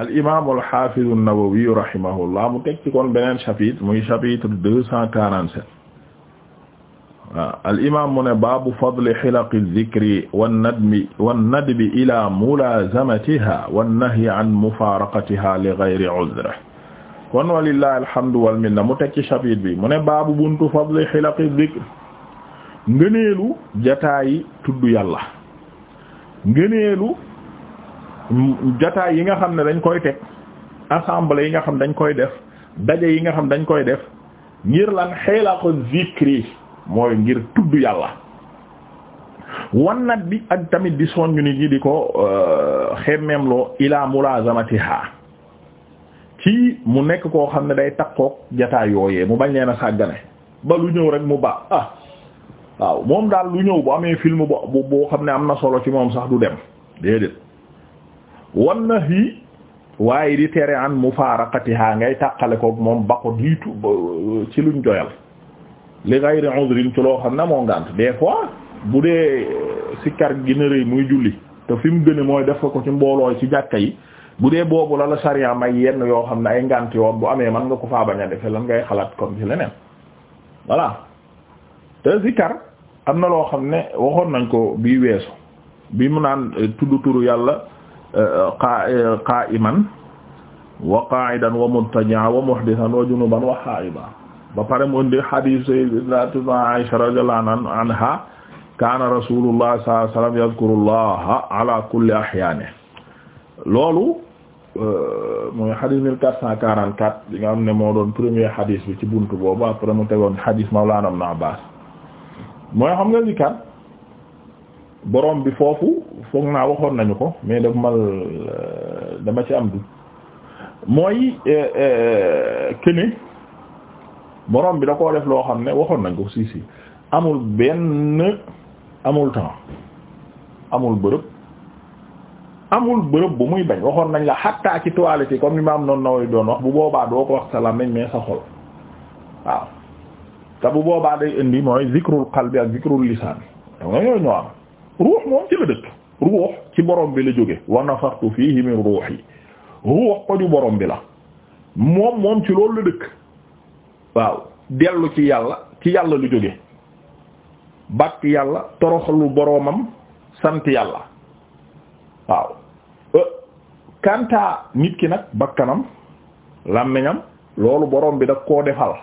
al imaam al haafiz an-Nawawi rahimahullah mu teg ci kon beneen chapitre muy chapitre deux cent quarante sept waaw al imaam mu ne baabu fadli xilaqi zikri wan nadbi wan nadbi ilaa mulaazamatihaa wan nahyi an mufaaraqatihaa li gayri udr kon walillahi alhamdu wal minna mu teg ci chapitre bi mu ne baabu buntu fadli xilaqi zikri ngëneelu jataayi tudd yàlla ngëneelu jataay yi nga xam ne dañ koy teg assemblée yi nga xam dañ koy def daje yi nga xam dañ koy def ngir lan xeela ko zikri mooy ngir tudd yàlla wan nag bi ak tamit di soññu nit ñi di ko euh, xemmeemloo ilaa mulazamatiha ci mu nekk koo xam ne day takkook jataay yooyee mu bañ leen a sàggane ba lu ñëw rek mu baax ah waaw moom daal lu ñëw bu amee film bu boo xam ne am na solo ci moom sax du dem déedéet wan na fii waaye di tere ann mu an mufaaraqatiha ngay tàqale ko moom ba ko diitu euh, ci luñ joyal li ghayri udrin ci loo xam ne moo ngànt des fois bu dee euh, sikkar gi gën muy julli te fi mu gëne mooy def ko ci mboolooy ci jàkka yi bu dee boobu la la sariya may yenn yoo xam ne ay ngànt yoo bu amee man nga ko faa bañ defee lan ngay xalaat comme ci leneen voilà te sikkar am na loo xam ne waxoon nañ ko bii weesu bi mu naan euh, tudd turu yàlla qa'iman wa qa'idan wa muttaji'an wa muhdithan wa junuban wa ha'iban ba pare mu indi hadith sayyidatuna Aisha radiyallahu anha kaana rasulullah sallallahu alayhi wa sallam yadhkurullaha ala kulli ahyaanihi loolu euh, mooy hadith mille quatre cent quarante-quatre bi nga xam ne moo doon premier hadith bi ci buntu boobu après mu tegoon hadith Mawlana Ibn Abbas mooy xam nga ni kan borom bi foofu foog naa waxoon nañu ko mais daf mal euh, dama ci am du mooy kene euh, euh, borom bi da koo def loo xam ne waxoon nañ ko si si amul benn amul temps amul bërëb amul bërëb bu muy bañ waxoon nañ la xattaa ci toilette yi comme ni maam noonu nawoy doon wax bu boobaa doo ko wax sa làmmiñ mais sa xol waaw te bu boobaa day indi mooy zikrul qalbi ak zikrul lisaan danga yooyu ñoo am ruux moom ci la dëkk ruux ci borom bi la jóge wa nafaxtu fiihi min ruuhi ruux ko borom bi la moom moom ci loolu la dëkk waaw dellu ci yàlla ci yàlla lu jóge bàkk yàlla toroxlu boroomam sant yàlla waaw euh, kanta nit ki nag bakkanam làmmiñam loolu borom bi da koo defal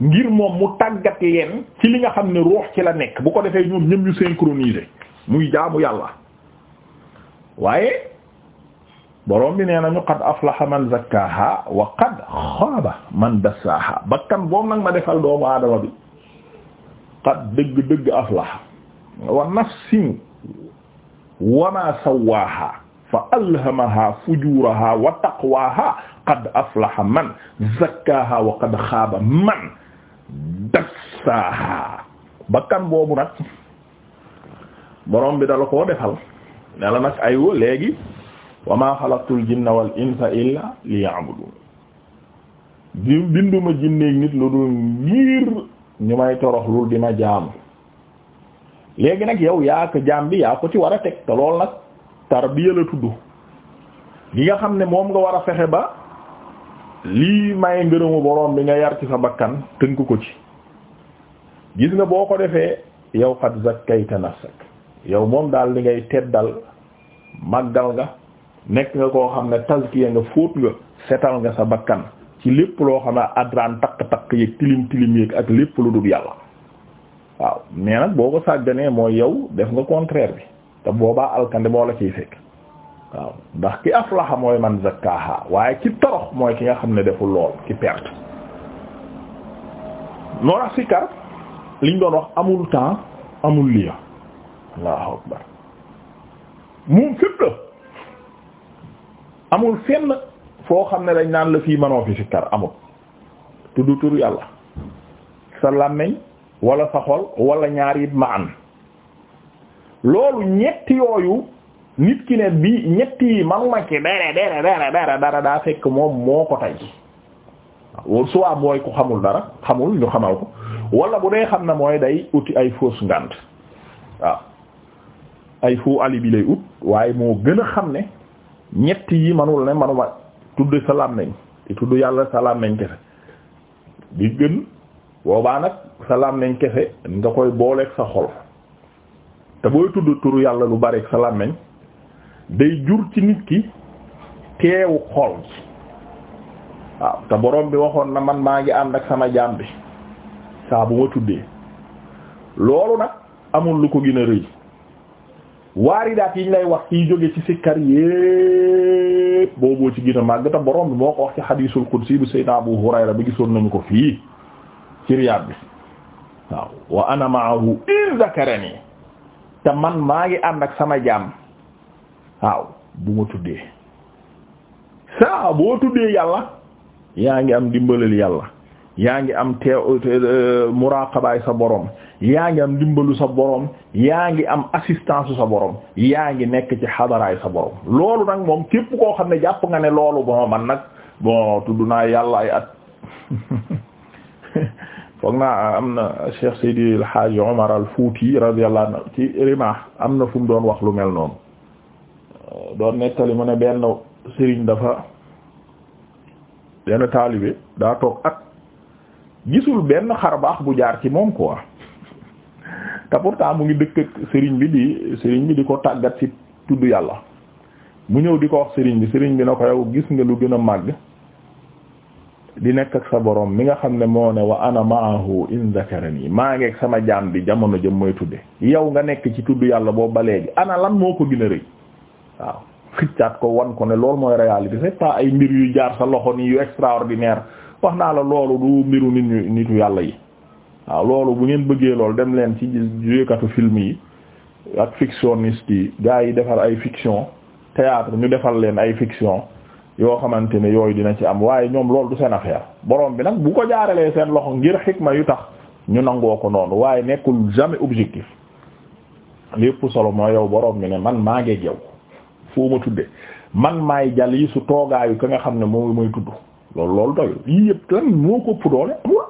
ngir moom mu tàggat leen ci li nga xam ne ruux ci la nekk bu ko defee ñoom ñëm ñu synchroniser muy jaamu yàlla waaye borom bi nee nañu qad aflaha man zakkaha wa qad xaaba man dassaaha bakkan boobu nag ma defal doomu aadama bi qad dëgg dëgg aflaha wa nafsin wa ma sawaaha fa alhamaha fujuraha wa taqwaha qad aflaha man zakkaha wa qad xaaba man dassaaha bakkan boobu nag borom bi dala koo defal ne la nag aywa léegi wa ma xalaqtul jinna wal insa illa liya'budun binduma jinneeg nit lu dul ngir ñu may torox di ma jaamu léegi nag yow yaa ko jaam bi yaa ko ci war a teg te lool nag tarbiya la tudd gi nga xam ne moom nga war a fexe ba lii may ngërëmu borom bi nga yar ci sa bakkan tënk ko ci gis nga boo ko defee yow xat zakkayta nafsak yow moom daal li ngay teddal màggal nga nekk nga koo xam ne tazkiya nga fóot nga setal nga sa bakkan ci lépp loo xam ne adraan takk-takk yeeg tilim tilim yeeg ak lépp lu dul yàlla waaw mais nag boo ko sàgganee mooy yow def nga contraire bi te boobaa alkande moo la ciy fekk waaw ndax ki aflaha mooy man zakkaha waaye ki torox mooy ki nga xam ne deful lool ki perte noorax si kar liñ doon wax amul temps amul lieu allahu akbar moom fépp la amul fenn foo xam ne dañ naan la fii manoo fi sikkar amul tuddu tur yàlla sa làmmiñ walla sa xol wala ñaar it ma an loolu ñetti yooyu nit ki ne bi ñetti yi manuma ci dara dara dara dara dara daa fekk moom moo ko tey wala soit mooy ku xamul dara xamul ñu xamal ko wala bu dee xam na mooy day uti ay fausse ngànt waaw ay faux alibi lay ut waaye moo gën a xam ne ñett yi manul ne manuma tudd sa làmmiñ tudd yàlla sa làmmiñ kese di gën boobaa nag sa làmmiñ kese nga koy booleeg sa xol te booy tudd turu yàlla lu bari ak sa làmmiñ day jur ci nit ki teewu xol waaw te borom bi waxoon na man maa ngi ànd ak sama jaam bi saa bu ma tuddee loolu nag amul lu ko gën a rëy waaridaat yi yiñ lay wax ciy jóge ci sikkar yépp booboo ci gën a màgg te borom bi moo ko wax ci xadiisul qudsi bu sayyidina Abu Hurayra bi gisoon nañu ko fii ci Riyaad bi waaw wa ana ma'ahu in zakarani te man maa ngi ànd ak sama jaam waaw bu ma tuddee saa boo tuddee yàlla yaa ngi am dimbalal yàlla yaa ngi am teew euh, muraqabaay sa boroom yaa ngi am dimbalu sa borom yaa ngi am assistance sa boroom yaa ngi nekk ci xadaraay sa borom loolu nag moom képp koo xam ne jàpp nga ne loolu bon man nag bon tudd naa yàlla at foog naa ah, am na Cheikh Seydi El Hadj Omar Al Fouti radiyallahu anhu ci am na fu mu doon wax lu mel noonu euh, doon nettali mu ne benn sëriñ dafa benn taalibe daa toog at. gisul benn xar baax bu jaar ci moom quoi te pourtant mu ngi dëkk sëriñ bi di sëriñ bi di ko tàggat ci tudd yàlla mu ñëw di ko wax sëriñ bi sëriñ bi na ko yow gis nga lu gën a màgg di nekk ak sa borom mi nga xam ne moo ne wa ana ma'ahu maa ngeeg sama jaam bi jamono jëm mooy tudde yow nga nekk ci tudd yàlla boobu ba léegi lan moo ko gën a rëy waaw xiccaat ko wan ko ne loolu mooy réalité c'est pas ay mbir yu jaar sa loxo nii yu extraordinaire wax naa la loolu du mbiru nit ñu nitu yàlla yi waaw loolu bu ngeen bëggee loolu dem leen ci juyekatu film yi ak fictionniste yi gars yi defar ay fiction théâtre ñu defal leen ay fiction yoo xamante ne yooyu dina ci am waaye ñoom lool du seen affaire borom bi nag bu ko jaaralee seen loxo ngir xikma yu tax ñu nangoo ko noonu waaye nekkul jamais objectif lépp solo mooy yow borom bi ne man maa ngi yow foo ma tudde man maay jal yi su toogaayu ka nga xam ne moom mooy tudd loolu loolu doyul yii yëpp lan moo ko ëpp doole amul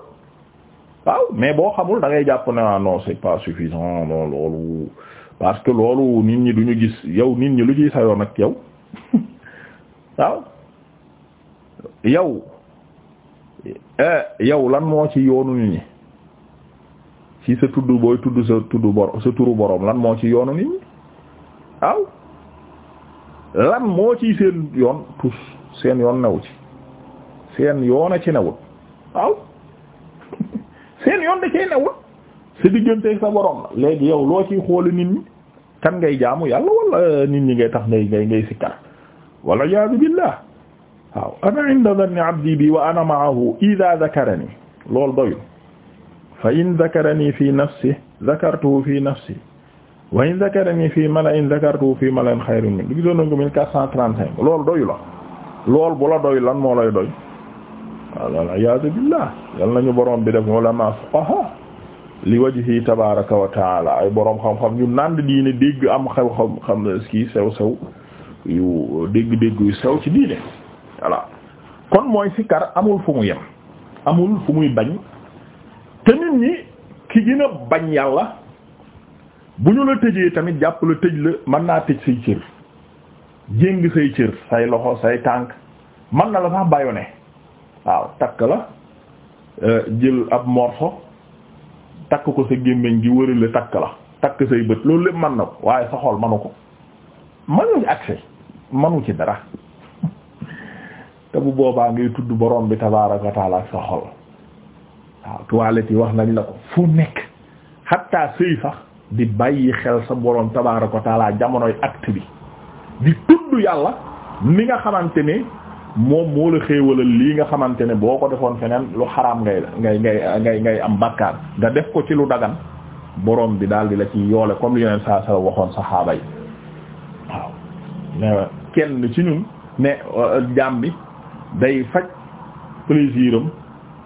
waaw mais boo xamul dangay ngay jàpp ne ah non c'est pas suffisant non loolu parce que loolu nit ñi duñu gis yow nit ñi lu ciy sa yoon ak yow waaw yow eh, yow lan moo ci yoonu nit ñi ci sa tudd booy tudd sa tudd bor lan moo ci yoonu nit ñi waaw lan moo ci seen yoon tous seen yoon new ci seen yoon a ci newul waaw seen yoon da yow loo ciy xooli nit ñi kan ngay jaamu yàlla wala euh, nit ñi ngay tax ngay ngay ngay sikkar wala iyaazu billah waaw ana inda dhanni abdi bi wa ana ma'ahu idha dhakarani loolu doyul fa in dhakarani fi nafsi dhakartuhu fi nafsi wa in dhakarani fi mala'in dhakartuhu fi mala'in khayrin min du gisoon nañ ko 1435 loolu doyu la lool bu la doy lan moo lay doy waliyasu billah yal nañu borom bi def ulama fuqaha li wajhi tabaraka wa taala ay borom xam-xam ñu nànd diine dégg am xew xam xam ne kii sew sew yu dégg-dégg yu sew ci diine voilà kon mooy sikar amul fu mu yem amul fu muy bañ te nit ñi ki gën a bañ yàlla bu ñu la tëjee tamit jàpp la tëj la man naa tëj say cër jéng say cër say loxo say tànk man na la sax bayone waaw takk la euh, jël ab morxo takk ko sa gémmiñ gi wërale takk la takk say bët loolu lépp mën na ko waaye sa xol manu ko manu ci manu ci dara te boobaa ngay tudd boroom bi tabaaraka wa taala ak sa xol waaw toilette wax nañ la ko fu nekk xatta sëy sax di bàyyi xel sa borom tabaaraka wa taala jamonoy acte bi di tudd yàlla mi nga xamante ne moom moo la xéewalal lii nga xamante ne boo ko defoon feneen lu xaraam ngay ngay ngay ngay ngay am bakkaar nga def ko ci lu dagan borom bi daal di la ci yoole comme li yeneen saa saa ne euh, jaam bi day faj plaisir am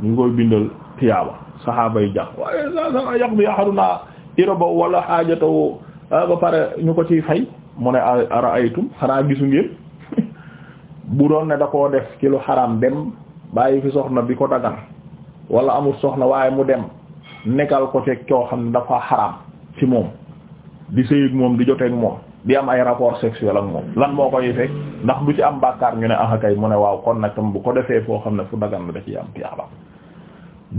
ñu ngi koy bindal tiyaaba saxaaba yi jàpp waaye saa saa yàq bi yaxarunaa iraba wala xaajatawo ah, ba pare ñu ko ciy fay mu ne ara aytum xanaa gisu ngeen bu doon ne da koo def kilo xaram dem bàyyi fi soxna bi ko dagan wala amul soxna waaye mu dem nekkal ko ci koo xam ne dafa xaram ci moom di sëy moom di joteek moom di am ay rapport sexuel ak moom lan moo koy fekk ndax du ci am bàkkaar ñu ne ah kay mu ne waaw kon nag tam bu ko defee foo xam ne fu dagan la da ciy am tiyaaba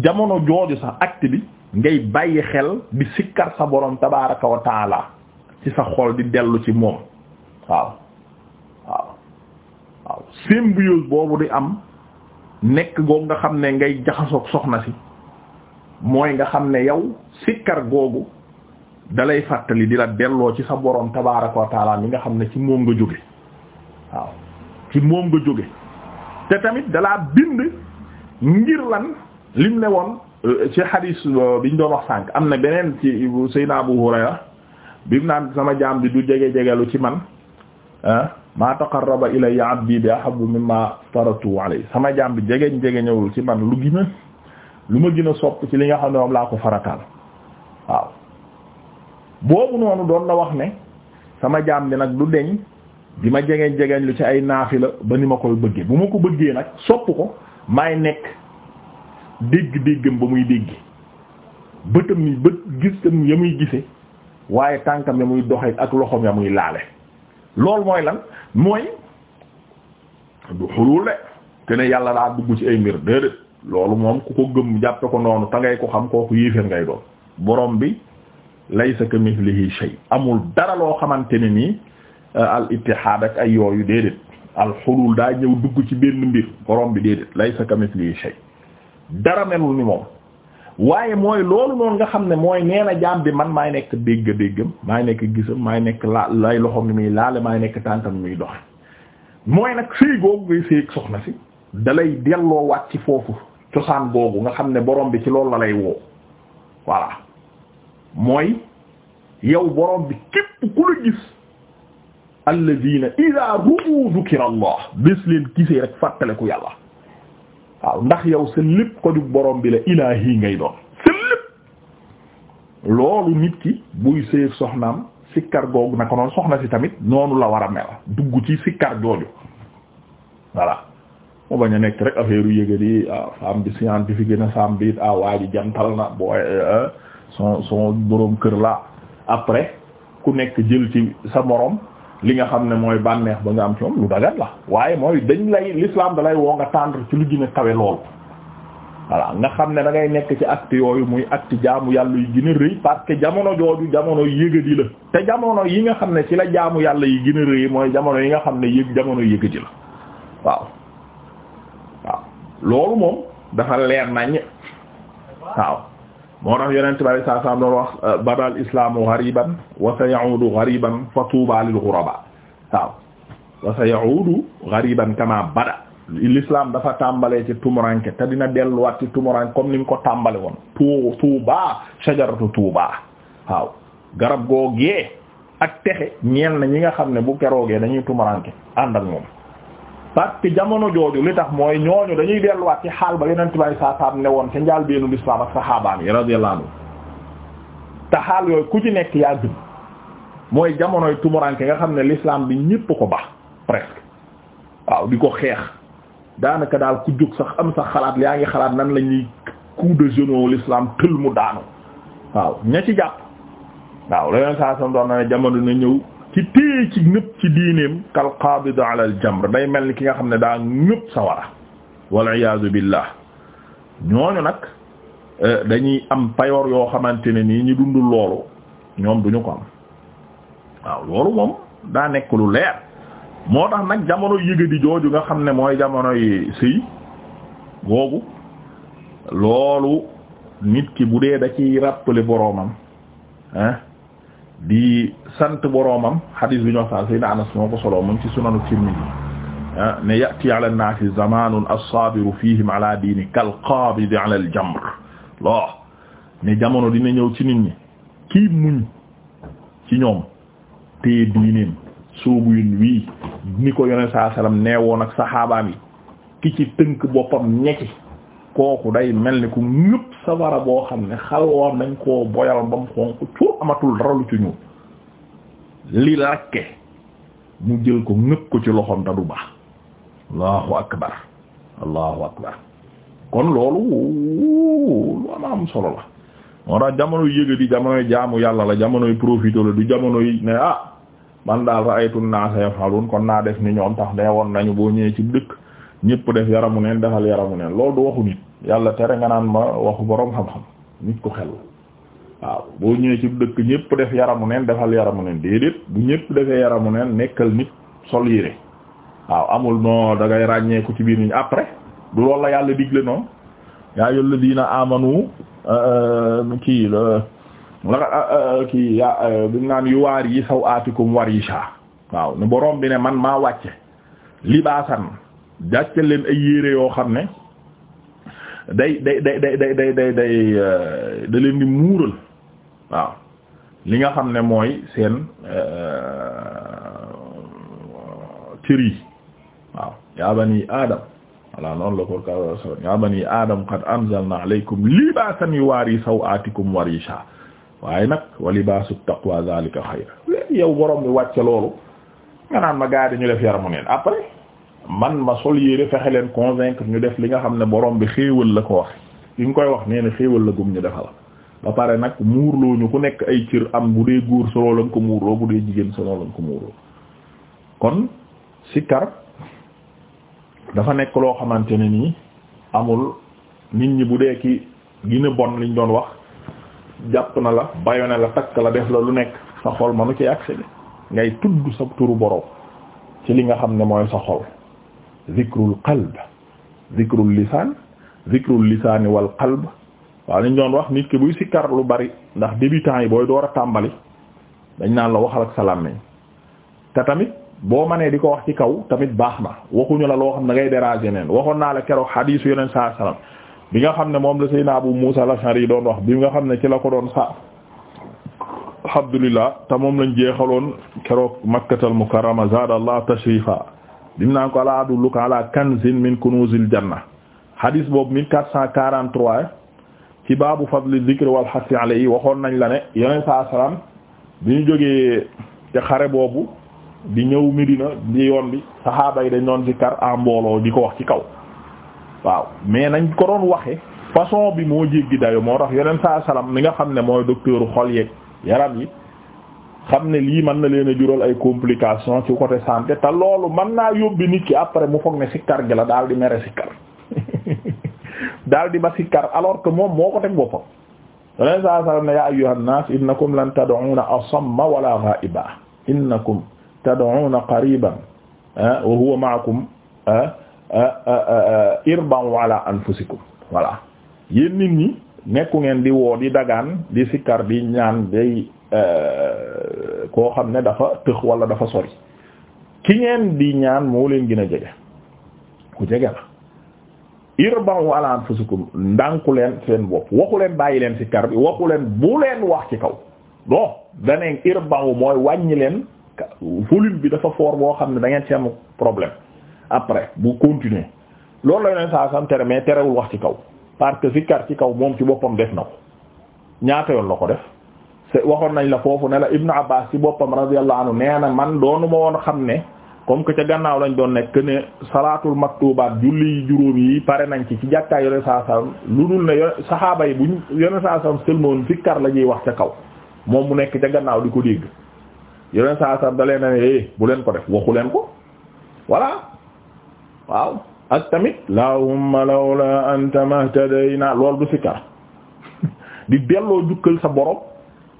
jamono jooju sax acte bi ngay bàyyi xel di sikkar sa borom tabaaraka wa taala ci sa xol di dellu ci moom waaw waaw symbiose boobu di am nekk googu nga xam ne ngay jaxasoog soxna si mooy nga xam ne yow sikkar googu dalay fàttali di la delloo ci sa boroom tabaaraka wa taala mi nga xam ne ci moom nga jóge waaw ci moom nga jóge te tamit dalaa bind ngir lan lim ne woon euh, ci xadiis euh, biñ doon wax sànk am na beneen ci Seydina Abu Hurayra bi mu naan sama jaam bi du jege jegelu ci man Ah, maa taqarraba ilayya abdi bi ahabbu mimma faratu alayhi sama jaam bi jegeñ jegeñewul ci man lu gën lu ma gën a sopp ci li nga xam ne moom laa ko farataal waaw boobu noonu doon na wax ne sama jaam bi nag du deñ di ma jegeñ jegeñ lu ci ay naafila ba ni ma koy bëggee bu ma ko bëggee nag sopp ko maay nekk dégg déggam ba muy dégg bëtam yi bët gisam ya muy gise waaye tànkam ya muy doxe ak loxom ya muy laale loolu mooy lan mooy du xulul de te yàlla daa dugg ci ay mbir déedéet loolu moom ku ko gëm jàppe ko noonu ta ko xam kooku yéeféer ngay doon borom bi laysa ka mithlihi shay amul dara loo xamante ne nii euh, al ittihaad ak ay yooyu déedéet al xulul daa ñëw dugg ci benn mbir borom bi déedéet laysa ka mithlihi shay dara melul ni moom waaye mooy loolu noonu nga xam ne mooy nee na jaam bi man maay nekk dégg déggam maay nekk gisam maay nekk laa lay loxoom ni muy laale maay nekk tànkam muy doxe mooy nag sëy googu ngay sëy ak soxna si dalay delloo waat ci foofu cosaan googu nga xam ne borom bi ci loolu la lay woo voilà mooy yow borom bi képp ku la gis alladina ida ru'u dhukira allah bés leen gisee rek fàttaleku yàlla waaw ndax yow sa lépp ko jug borom bi la ilaahi ngay doon sa lépp loolu nit ki buy séy soxnaam sikkar googu naka noonu soxna si tamit noonu la war a mel dugg ci sikkar jooju voilà mu bañ a nekk rek affaire yu yëgal yi ah bi scientifique na femme bi ah waa jantal na booy eh, eh, son son borom kër la après ku nekk jël ci sa moroom li nga xam ne mooy bànneex ba nga am ci moom lu dagat la waaye mooy dañ lay l'islam da lay woo nga tendre ci lu gën a kawe lool voilà nga xam ne da ngay nekk ci acte yooyu muy acte jaamu yàlla yu gën a rëy parce que jamono jooju jamono yëgadi la te jamono yi nga xam ne ci la jaamu yàlla yi gën a rëy mooy jamono yi nga xam ne yëg jamono yëgadi la waaw waaw loolu moom dafa leer nañ waaw moo tax yonent bi alayhi salaam doon wax euh, badal islaamu ghariban wa sa ya'udu ghariban fa tuuba lil ghuraba waaw wa sa ya'udu ghariban kama bada l'islam dafa tàmbalee ci tumuranke te dina delluwaat ci tumuranke comme ni mu ko tàmbale woon tuu tuuba shajaratu tuuba waaw garab googee ak texe ñeel na ñi nga xam ne bu keroogee dañuy tumuranke ànd ak moom parce jamono jooju li tax mooy ñooñu dañuy delluwaat ci xaal ba yeneen tubaab saa saa ne woon ca njaal beenu lislaam ak saxaabaan yi radiyallahu anhu te xaal yooyu ku ci nekk yaa mooy jamonoy tumuraanke nga xam ne l'islam bi ñépp ko baax presque waaw di ko xeex daanaka daal ku jóg sax am sax xalaat yaa ngi xalaat nan lañuy ñuy coup de genou l'islam tël mu daanu waaw ña ci jàpp waaw leneen saa doon na ne jamono na ñëw. ci téye ci ñëpp ci diineem kal qaabid ala al day mel ni ki nga xam ne daa ñëpp sawara wal iyaazu billah ñooñu nag euh, dañuy am payoor yoo xamante ne nii ñi dundul loolu ñoom duñu ko am waaw loolu moom daa nekk lu leer moo tax nag jamono yëgadi jooju nga xam ne mooy jamonoy sëy googu loolu nit ki bu dee da ciy rappeler boroomam di sant boroomam xadiis bi ñu wax saan Seydina Anas moo ko soloo moom ci sunanu Tirmidhi ah, ne ya'ti ala an-naasi zamanun as fihim ala diini kal-qaabidi ala al-jamr loo ne jamono dina ñëw ci nit ñi kii muñ ci ñoom téye diineem soobu wii ni ko yoneen saa salaam neewoon ak saxaabaam ki ci tënk boppam ñecci kooku day mel ni ku ñëpp safara boo xam ne xalwoon nañ koo boyal ba mu xonq cuur amatul dara lu ci ñuul li rakke mu jël ko ngëpp ko ci loxom da du baax allahu akbar allahu akbar kon loolu lu am am solo la moo tax jamono yëga di jamonoy jaamu yàlla la jamonoy profité la du jamono yi ne ah man daal ra'aytu an-naasa yaf'aluun kon naa def ni ñoom tax ne woon nañu boo ñëwee ci dëkk ñépp def yaramu neen defal yaramu neen loolu du waxu nit yàlla tere nga naan ma waxu boroom xam-xam nit ko xel waaw boo ñëwee ci dëkk ñépp def yaramu neen defal yaramu neen déedéet bu ñëpp defee yaramu neen nekkal nit sol yére waaw amul noo da ràññeeku ci biir nit après du la yàlla digle noonu yaa yol euh, euh, la diina amanu kii la kii yaa euh, bi naan yu waar yi saw aatikum war yi saa waaw nu borom bi ne man maa wàcce libaasan jàcce ay yére yoo xam ne day day day day day day day day euh, da waaw li nga xam ne mooy seen euh, cër yi waaw yaa bani adam voilà noonu la ko kaw yaa bani adam qad anzalna alaykum libaasan yuwaari sawatikum warisha waaye nag wa libaasu taqwa zalika xayr yow borom bi wàcce loolu nga naan ma gaa dañu def yaramu neen après man ma sol yére fexe leen convaincre ñu def li nga xam ne borom bi xéewal la ko wax li koy wax nee na xéewal la gum ñu defal ba pare nag muurloo ñu ku nekk ay cir am bu dee góor soloo lañ ko muurloo bu dee jigéen soloo lañ ko muurloo kon sikkar dafa nekk loo xamante ne nii amul nit ñi bu dee ki gën bon liñ doon wax jàpp na la bayone la takk la def la lu nekk sa xol manu ci accès ngay tudd sa turu borom ci li nga xam ne mooy sa xol zikrul qalb zikrul lisaan zikrul lisaani wal qalb waaw liñ doon wax nit ki buy sikkar lu bari ndax débutant yi booy door a tàmbali dañ naan la waxal ak salaam nañ te tamit boo mënee di ko wax ci kaw tamit baax na waxuñu la loo xam ne ngay déranger neen waxoon naa la keroog xadiisu yeneen saa salaam bi nga xam ne moom la Seydina Abu Muusa al-Ash'ari doon wax bi nga xam ne ci la ko doon sa alhamdulillah te moom lañ jeexaloon keroog Makkatal Mukarrama zaada Allah naa ko naan ko ala adulluka ala kanzin min kunuzil janna hadis boobu 1443 ci baabu fadli dhikr wal hassi yi waxoon nañ la ne yeneen saa salaam bi ñu jógee ca xare boobu di ñëw Medina di yoon bi saxaaba yi dañ doon zikkar en mbooloo di ko wax ci kaw waaw mais nañ ko doon waxe façon bi moo jéggi dayo moo tax yeneen saa salaam mi nga xam ne mooy docteur xol yeeg yaram yi. xam ne lii man na leen a jural ay complications ci côté santé te loolu mën naa yóbbi nit ki après mu foog ne sikkar gi la daal di mere sikkar daal di ba sikkar alors que moom moo ko teg boppam yoneen saa sallam ne yaa ayyuhan nas innakum lan tad'una asamma wala ghaiba innakum tad'una qariban ah, wa huwa ma'akum ah, ah, irban wala anfusikum voilà yéen nit ñi nekku ngeen di woo di dagaan di sikkar di ñaan day Euh, koo xam ne dafa tëx wala dafa sori ki ngeen di ñaan moo leen gën a jege ku jege la irbahu ala anfusikum ndànku leen seen bopp waxu leen bàyyi leen ci kar bi waxu leen bu leen wax ci kaw bon daneen irbahu mooy wàññi leen volume bi dafa foor boo xam ne da ngeen ci am problème après bu continuer loolu la leen saa sam tere mais terewul wax ci kaw parce que ci kar ci kaw moom ci boppam def na ko ñaata yoon la ko def waxoon nañ la foofu ne la Ibn Abbas ci boppam radiyallahu anhu nee na man doonu ma woon xam ne comme que ca gannaaw lañu doon nekk ne salaatul maktubaat julli juróom yi pare nañ ci ci jàkkaay yone saa sallam lu dul ne yo saxaaba yi buñ yone saa sallam sëlmoon sikkar la ñuy wax ca kaw moom mu nekk ca gannaaw di ko dégg yone saa sallam da leen na ne eh, bu leen ko rek waxu leen ko voilà waaw ak tamit lahumma lawla anta mahtadayna lool du sikkar di delloo sa borom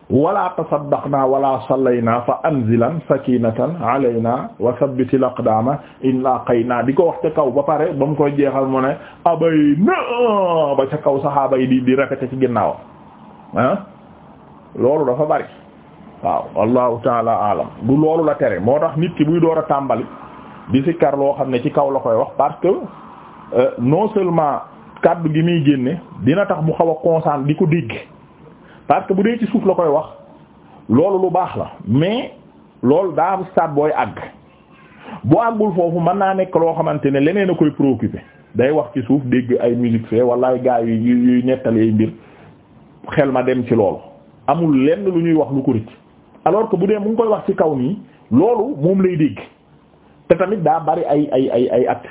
wala tasaddaqnaa wala sallaynaa fa anzilan sakinatan alaynaa wa sabbitil aqdaama in laqaynaa di ko wax ca kaw ba pare ba mu koy jeexal mu ne abay na sa ca kaw saxaaba yi di di rafete ci ginnaaw ah loolu dafa bari waaw wallahu taala alam du loolu la tere moo tax nit ki buy door a tàmbali di sikkar loo xam ne ci kaw la koy wax parce que euh, non seulement kaddu gi muy génne dina tax mu xaw a constant di ko dégg parce que bu dee ci suuf la koy wax loolu lu baax la mais loolu daa am stade booy àgg bu àggul foofu mën naa nekk loo xamante ne leneen a koy préoccupé day wax ci suuf dégg ay musique fee wala ay gaa yu yuy nettali ay mbir xel ma dem ci loolu amul lenn lu ñuy wax lu ko rëcc alors que bu dee mu ngi koy wax ci kaw nii loolu moom lay dégg te tamit daa bari ay ay ay ay at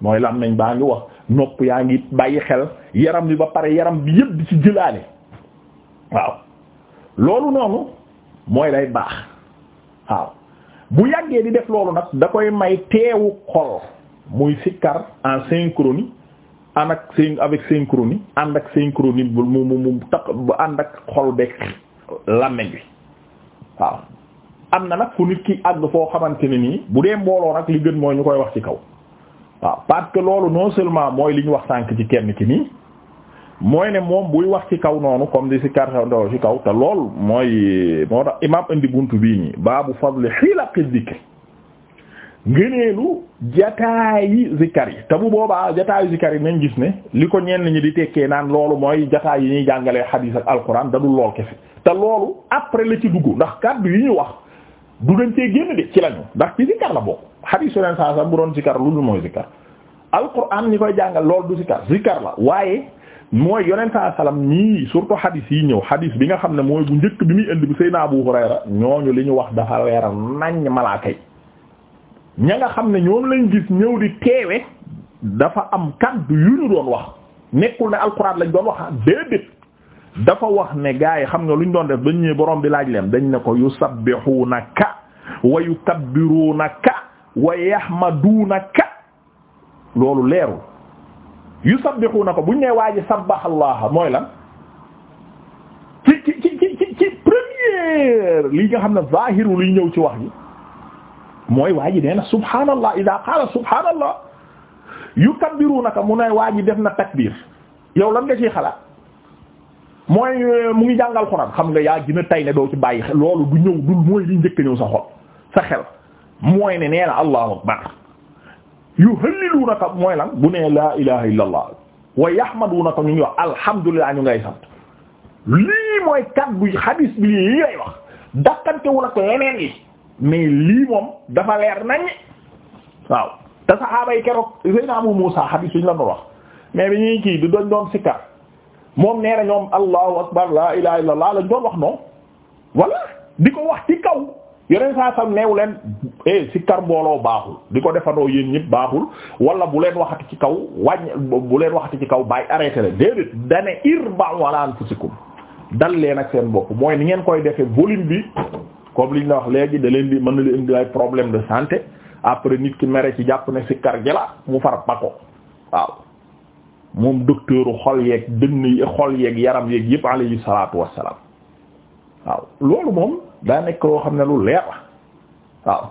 mooy lam nañ baa ngi wax nopp yaa ngi bàyyi xel yaram bi ba pare yaram bi yëpp di ci jëlaale waaw loolu noonu mooy day baax waaw bu yàggee di def loolu nag da koy may teewu xol muy sikkar en synchronie ànd ak syn avec synchronie ànd ak synchronie bu mu mu mu tax bu ànd ak xol beeg làmmeñ bi waaw am na nag ku nit ki àgg foo xamante ne nii bu dee mbooloo nag li gën mooy ñu koy wax ci kaw waaw parce que loolu non seulement mooy li ñu wax sànk ci kenn ki nii mooy ne moom buy wax ci kaw noonu comme di si karta ndaw ci kaw te lool mooy moo tax imaam indi buntu bii ñi baabu fadli xilaqi zikr ngëneelu jataayi zikkar yi te bu boobaa jataayu zikkar yi nañ gis ne li ko ñenn ñi di tekkee naan loolu mooy jataay yi ñuy jàngalee xadiis ak alquran da dul lool kese te loolu après la ci dugg ndax kàddu yi ñu wax du dañ cee génn de ci lañu ndax ci zikkar la bokk xadiis yoneen saa sa bu doon zikkar lu dul mooy zikkar alquran ñi koy du zikkar mooy yonent saa ñii surtout hadith yi ñëw hadith bi nga xam ne mooy bu njëkk bi muy indi bu Seydina Abu Hurayra ñooñu li ñu wax dafa leeral naññ malaaka yi ña nga xam ne ñoom lañ gis ñëw di teewe dafa am kaddu yu ñu doon wax nekkul ne alxuraan lañ doon wax ah, déedéet dafa wax ne gaa yi xam lu ñu doon def dañ ñëw borom bi laaj leen dañ ne ko yu yusabbihuunaka wa yukabbiruunaka wa ka loolu leerul yusabbihuna ko bu nee waa ji sabbahallaha mooy lan ci ci ci ci ci première li nga xam ne zahiru luy ñëw ci wax ji mooy waa ji nee na subhaanallah ida qaala subhaanallah yukabbiruna ko mu ne waa ji def na takbir yow lan nga ciy xalaat mooy euh, mu ngi jàngal xuraan xam nga yaa gën a tay doo ci bàyyi xel loolu du ñëw du mooy li njëkk ñëw sa xol sa xel mooy ne nee allahu akbar yu halliluunaka mooy lan bu ne laa ilaha illa allah wa yahmaduunaka ñu ngi wax alhamdulilah ñu ngay sant lii mooy kaddu hadis bi lii lay wax dakkantewul ak leneen yi mais lii moom dafa leer nañ waaw te saxaaba yi keroog Seydina Abu Muusa hadis suñu la doon wax mais bi ñuy kii du doon doon sikkar moom nee na ñoom allahu akbar laa ilaha illa allah lañ doon wax noonu walla di ko wax ci kaw yeneen saa sam neew leen eh si kar mbooloo baaxul di ko defandoo yéen ñëpp baaxul wala bu leen waxati ci kaw wàññ bu leen waxati ci kaw bàyyi arrêté leen déedéet dane irba wala anfusikum dal leen ak seen bopp mooy ni ngeen koy defee volume bi comme liñ la wax léegi da leen di mën na leen indi ay problème de santé après nit ki mere ci jàpp ne si kar gi mu far bako waaw moom docteuru xol yeeg dënn xol yeeg yaram yeeg yëpp alayhi salaatu wassalaam waaw loolu daa nekk loo xam ne lu leer la waaw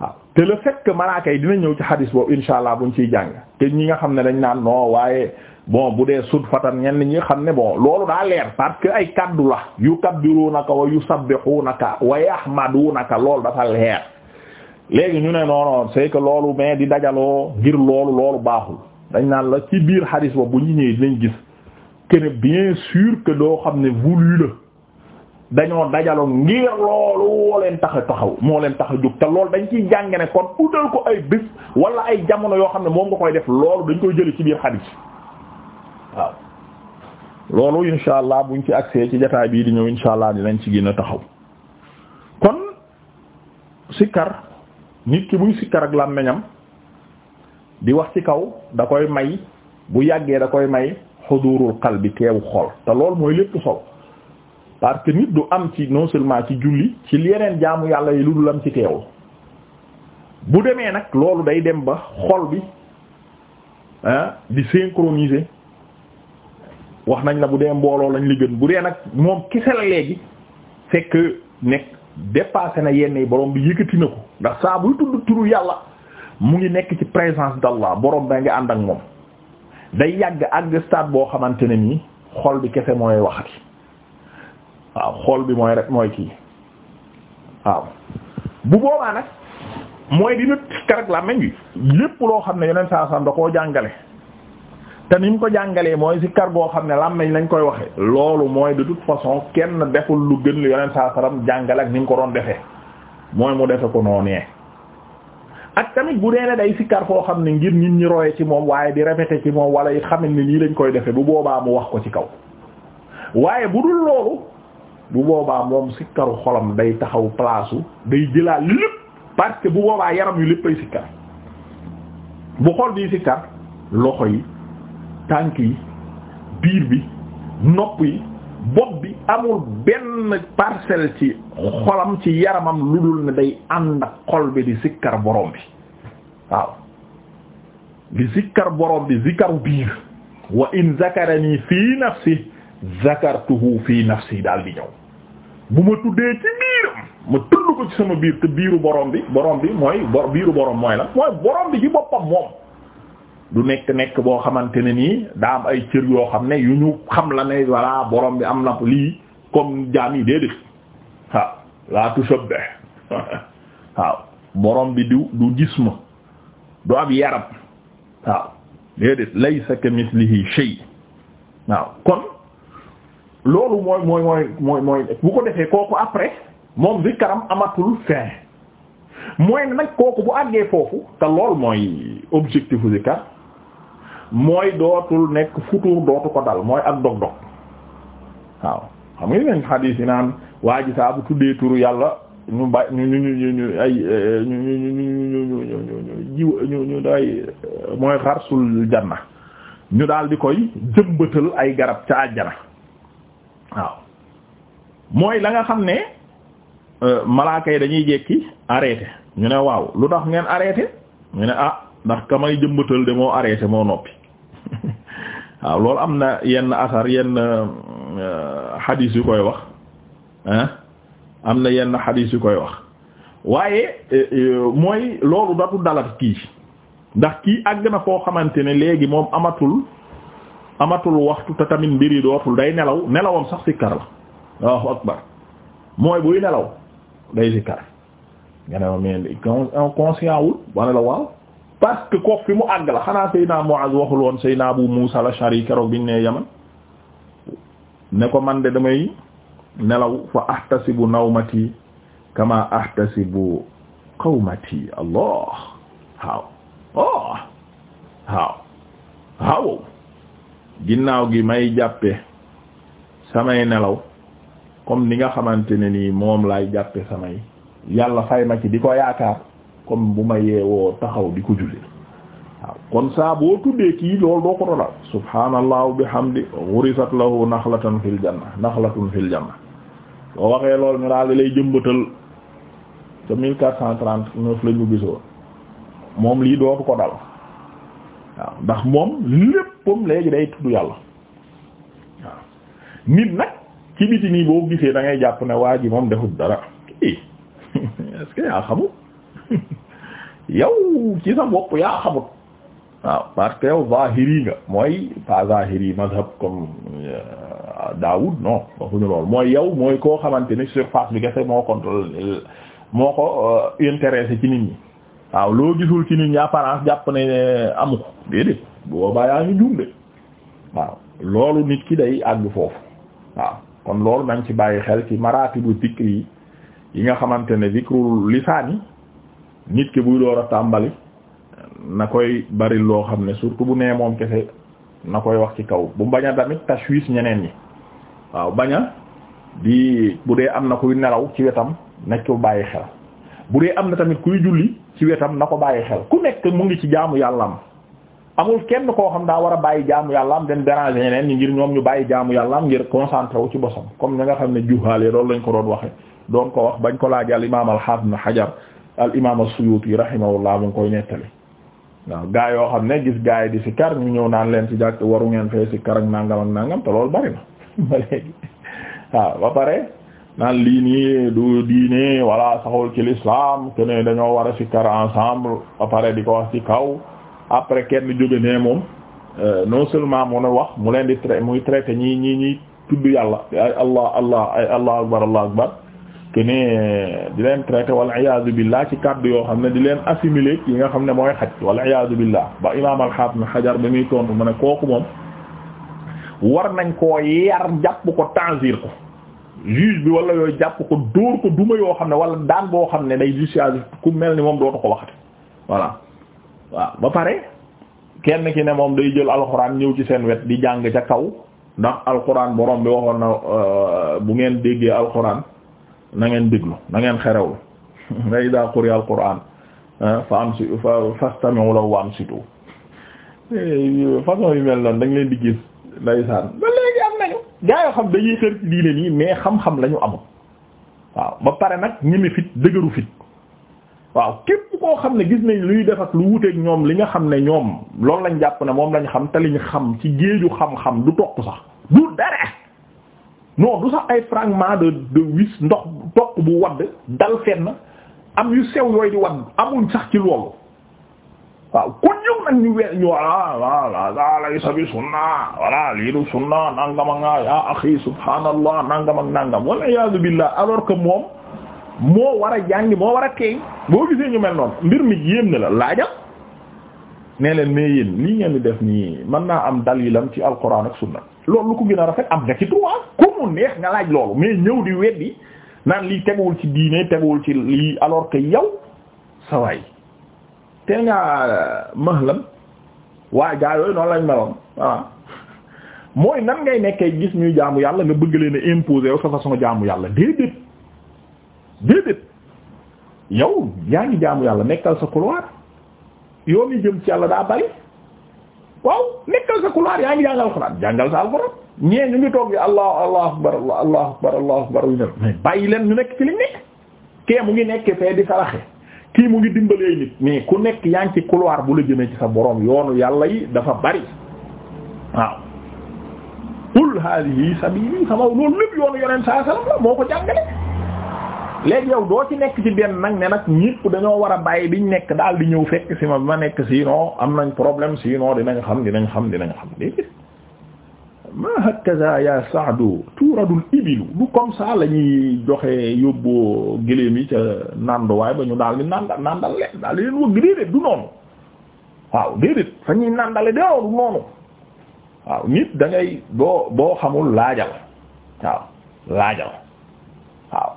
waaw te le fait que malaaka dina ñëw ci xadis boobu insha allah buñ ciy jàng te ñi nga xam ne dañ naan non waaye bon bu dee sud fatan ñenn ñi xam ne bon loolu daa leer parce que ay kaddu la yu kabbirunaka wa yusabbihunaka wa yahmadunaka loolu dafa leer léegi ñu ne non non c'est loolu mais di dajaloo ngir loolu loolu baaxul dañ naan la ci biir xadis boobu bu ñu ñëwee dinañ gis que bien sûr que doo xam ne voulu dañoo dajaloo ngir loolu woo leen tax taxaw moo leen tax a jóg te lool dañ ciy jàng ne kon utal ko ay bés wala ay jamono yoo xam ne moom nga koy def loolu dañ koy jëli ci biir xadiis waaw loolu insha allah buñ ci agsee ci jataay bii di ñëw insha allah dinañ ci gën a taxaw kon sikkar nit ki buy sikkar ak làmmiñam di wax ci kaw da koy may bu yàggee da koy may xudurul qalbi teewu xol te loolu mooy lépp sol parce que nit du am ci non seulement ci julli ci yeneen jaamu yàlla yi lu dul am ci teewul bu demee nag loolu day dem ba xol bi ah di synchroniser wax nañ la bu dee mbooloo lañu li gën bu dee nag moom kese la léegi fekk nekk dépassé na yenn yi borom bi yëkkati na ko ndax saa buy tudd turu yàlla mu ngi nekk ci présence d'Allah borom da nga ànd ak moom day yàgg àgg stade boo xamante ne nii xol bi kese mooy waxati. waaw xool bi mooy rek mooy kii waaw bu boobaa nag mooy dina karag la meñ wi lépp loo xam ne yeneen saa saa da koo jàngale te ni ko jàngalee mooy si kar boo xam ne làmmeñ lañ koy waxe loolu mooy de toute façon kenn deful lu gën lu yoneen saa saram jàngale ak ni ko doon defee mooy mu defe ko noonee ak tamit bu dee ne day si kar foo xam ne ngir nit ñi roye ci moom waaye di répété ci moom wala it xamit ne nii lañ koy defee bu boobaa mu wax ko ci kaw bu boobaa moom sikkaru xolam day taxaw place day jëlaat lépp parce que bu boobaa yaram yu léppay sikkar bu xol bi sikkar loxo yi tànk yi biir bi nopp yi bopp bi amul benn parcel ci xolam ci yaramam lu dul ne day ànd ak xol bi di sikkar borom bi waaw di sikkar borom bi zikaru biir wa in zakarani fi nafsi zakartuhu fii nafsi daal di ñëw bu ma tuddee ci biiram ma tudd ko ci sama biir te biiru borom bi borom bi mooy biiru borom mooy la mooy borom bi ci boppam moom du nekk nekk boo xamante ne nii daa am ay cër yoo xam ne yu ñu xam la ne voilà borom bi am na lii comme jaam yi déedéet waaw laa tushabbih waaw borom bi du du gis ma du ab yaram waaw déedéet laysa ka mislihi shay waaw kon loolu mooy mooy mooy mooy mooy bu ko defee kooku après moom zikkaram amatul fin mooy nag kooku bu àggee foofu te loolu mooy objectifu zikkar mooy dootul nekk futur dootu ko dal mooy ak dog-dog waaw xam nga nañ xadiis yi naan waa ji saa bu tuddee turu yàlla ñu ba ñu ñu ñu ñu ay ñu ñu ñu ñu ñu ñu jiw ñu ñu day mooy xarsul janna ñu daal di koy jëmbatal ay garab ca àjjana waaw mooy la nga xam ne euh, malaaka yi dañuy jekki arrêté ñu ne waaw lu tax ngeen arrêté ñu ne ah ndax kamay jëmbatal de moo arrêté moo noppi waaw loolu am na yenn asar yenn xadiis euh, yu koy wax am na yenn xadiis yu koy wax waaye euh, mooy loolu datu dalat kii ndax kii àgg na foo xamante ne léegi moom amatul amatul waxtu te tamit mbir yi dootul day nelaw nelawam sax sikkar la Allahu akbar mooy buy nelaw day sikkar nga ma mais conscient wul wane la waaw parce que kooku fi mu àgg la xanaa Seydina Muaz waxul woon Seydina Abu Musa al-Ash'ari keroog biñ ne Yaman ne ko man de damay nelaw fa ahtasibu nawmati kama ahtasibu qawmati Allah waaw oh waaw ginnaaw gi may jàppe samay nelaw comme ni nga xamante ne nii moom laay jàppe samay yàlla fay ma ci di ko yaakaar comme bu ma yeewoo taxaw di ko julli waaw kon saa boo tuddee kii loolu doo ko doonal subhaanallahu bihamdi ghurisat lahu naxlatan fil janna naxlatun fil janna boo waxee loolu ñu daal di lay jëmbatal te mille quatre cent trente neuf la ñu moom lii dootu ko dal waaw ndax moom léppam léegi day tudd yàlla waaw nit nag ci biti nii boo gisee da ngay jàpp ne waa ji moom defut dara kii est-ce que yaa xamut yow ci sa bopp yaa xamut waaw parce que yow zahiri nga mooy pas zahiri mazhab comme euh, Daoud non waxuñu lool mooy yow mooy koo xamante ni surface bi kese moo contrôle moo ko euh, intéressé ci nit ñi waaw loo gisul ci nit ñi apparence jàpp ne eh, amu ko déedéet boobaa yaa ngi juum de waaw loolu nit ki day àgg foofu waaw kon loolu nañ ci bàyyi xel ci bu dikk yi yi nga xamante ne zikrul lisaani nit ki buy door a tàmbali na koy bari loo xam ne surtout bu nee moom kese na koy wax ci kaw bu bañ a tamit tashwiis ñeneen yi waaw bañ a di bu dee am na kuy nelaw ci wetam na ko bàyyi xel bu dee am na tamit kuy julli ci wetam na ko bàyyi xel ku nekk mu ngi ci jaamu yàllaam amul kenn koo xam daa war a bàyyi jaamu yàllaam leen déranger ñeneen ñi ngir ñoom ñu bàyyi jaamu yàllaam ngir concentré wu ci bosam comme ña nga xam ne juhaale loolu lañ ko doon waxe doon ko wax bañ ko laaj al imaam al hafiz ibn hajar al imaam as-suyuti rahimahullah mu ngi koy nettali waaw gaa yoo xam ne gis gaa yi di sikkar ñu ñëw naan leen ci jàkk waru ngeen fee sikkar ak nangam ak nangam te loolu bari na naan lii nii du diine wala saxul ci l'islam te dañoo war a sikkar ensemble ba pare di ko wax ci kaw après kenn jóge ne moom euh, non seulement mu ne wax mu leen di traité muy traité ñi ñi ñi tudd yàlla ay allah allah ay allah akbar allah akbar ke euh, di leen traité wal iyaazu billah ci kàddu yoo xam ne di leen assimilé yi nga xam ne mooy xaj wal iyaazu billah ba imaam al-Hafiz Hajar ba muy tontu mu ne kooku moom war nañ koo yar jàpp ko tanzir ko juge bi wala yooyu jàpp ko dóor ko duma yoo xam ne wala daan boo xam ne day justice ku mel ni moom dootu ko waxati voilà waaw ba pare kenn ki ne moom day jël alxuraan ñëw ci seen wet di jàng ca kaw ndax alxuraan borom bi waxoon na euh, bu ngeen déggee alxuraan na ngeen déglu nangeen ngeen xerewlu nga ida quri alxuraan euh, fa am si fa fastami'u lahu wa ansitu eh, façon yu mel noonu da leen di gis ndeysaan gaa yoo xam dañuy xër diine nii mais xam-xam la amul waaw ba pare nag ñeme fit dëgëru fit waaw képp koo xam ne gis nañ luy def ak lu wuteek ñoom li nga xam ne ñoom loolu lañ jàpp ne moom lañ xam te liñ xam ci géeju xam-xam du toq sax du dara non du sax ay fragment de de wis ndox toq bu wadd dal na am yu sew yooyu di wadd amul sax ci loolu waaw ku ñëw nag ñu weer ñu wala wala la laysa bi sunna wala lii du sunna nangam nga ya axi subhaanallah nangam nangam wal iyaazu billah alors que moom moo war a jàngi moo war a teey boo gisee ñu mel noonu mbir mi yéem na la laajal nee leen mais yéen lii ngeen di def nii mën naa am dalilam ci alquran ak sunna loolu lu ko gën a rafet am nga ci droit ku mu neex nga laaj loolu mais ñëw di weddi naan lii teguwul ci diine teguwul ci lii alors que tee nga mahlan waaye gaa yooyu noonu lañ meloon waaw mooy nan ngay nekkee gis ñuy jaamu yàlla nga bëgg leen a imposer yow sa façon jaamu yàlla déedéet déedéet yow yaa ngi jaamu yàlla nekkal sa couloir yoon yi jëm ci yàlla daa bari waaw nekkal sa couloir yaa ngi jàngal jàngal sa alxuraan ñee ñu ngi toog bi allah allah akbar allah akbar allah akbar mais bàyyi leen ñu nekk ci liñ nekk kee mu ngi nekk fee di saraxe kii mu ngi dimbalee nit mais ku nekk yaa ngi ci couloir bu la jëmee ci sa borom yoonu yàlla yi dafa bari waaw qul yi sabili sama loolu lépp yoonu yeneen saa salaam la moo ko jàngale léegi yow doo ci nekk ci benn nag ne nag ñépp dañoo war a bàyyi ñu nekk daal di ñëw fekk si ma bi ma nekk sinon am nañ problème sinon dinañ xam dinañ xam dinañ xam dégg ma hakaza ya saadu tuuradul ibilu du comme ça la ñuy joxe yóbboo gëléem yi ca nanduwaay ba ñu daal di nanda nandal leen daal leen wëgg déedéet du noonu waaw déedéet fa ñuy nandale daaw du noonu waaw nit da boo boo xamul laajal waaw laajal waaw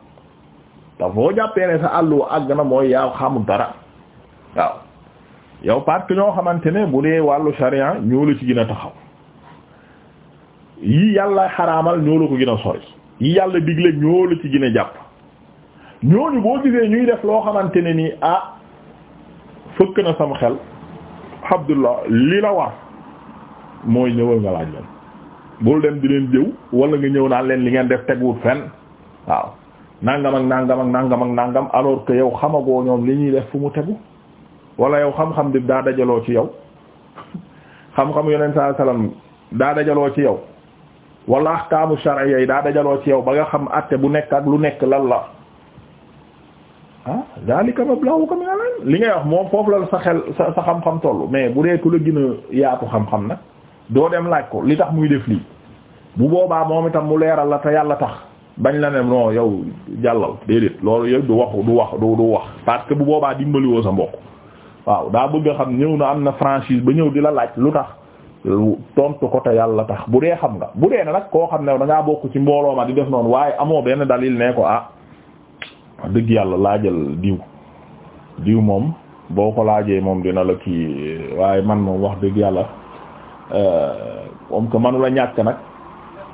te boo jàppee ne sa àllu àgg na mooy yaa xamul dara waaw yow parce que ñoo xamante ne bu dee wàllu sharia ñoo la ci gën a taxaw yii yàlla xaraamal ñoo la ko gën a sori yi yàlla digle ñoo la ci gën a jàpp ñooñu boo gisee ñuy def loo xamante ne nii ah fëkk na sam xel Abdullah li la war mooy ñëwal nga laaj leen bul dem di leen jëw wala nga ñëw naan leen li ngeen def teguwut fenn waaw nangam ak nangam ak nangam ak nangam alors yow xamagoo ñoom li ñuy def fu mu tegu wala yow xam-xam daa dajaloo ci yow xam-xam yeneen saa salaam daa dajaloo ci yow. wala ahkaamu shar'iyya yi daa dajaloo ci yow ba nga xam atte bu nekk ak lu nekk lan la ah zalika mablaghuka min al-ilm li ngay wax moom foofu la sa xel sa sa xam-xam toll mais bu dee ku la gën yaatu xam-xam nag doo dem laaj ko li tax muy def lii bu boobaa moom itam mu leeral la te yàlla tax bañ la ne non yow jàllal déedéet loolu yow du waxu du wax du du wax parce que bu boobaa dimbaliwoo sa mbokk waaw daa bëgg a xam ñëw na am na franchise ba ñëw di la laaj lu tax. tontu ko te yàlla tax bu dee xam nga bu dee nag koo xam ne da ngaa bokk ci mbooloo ma di def noonu waaye amoo benn dalil ne ko ah dëgg yàlla laajal diw diw moom boo ko laajee moom dina la kii waaye man moom wax dëgg yàlla euh, comme que manu la ñàkk nag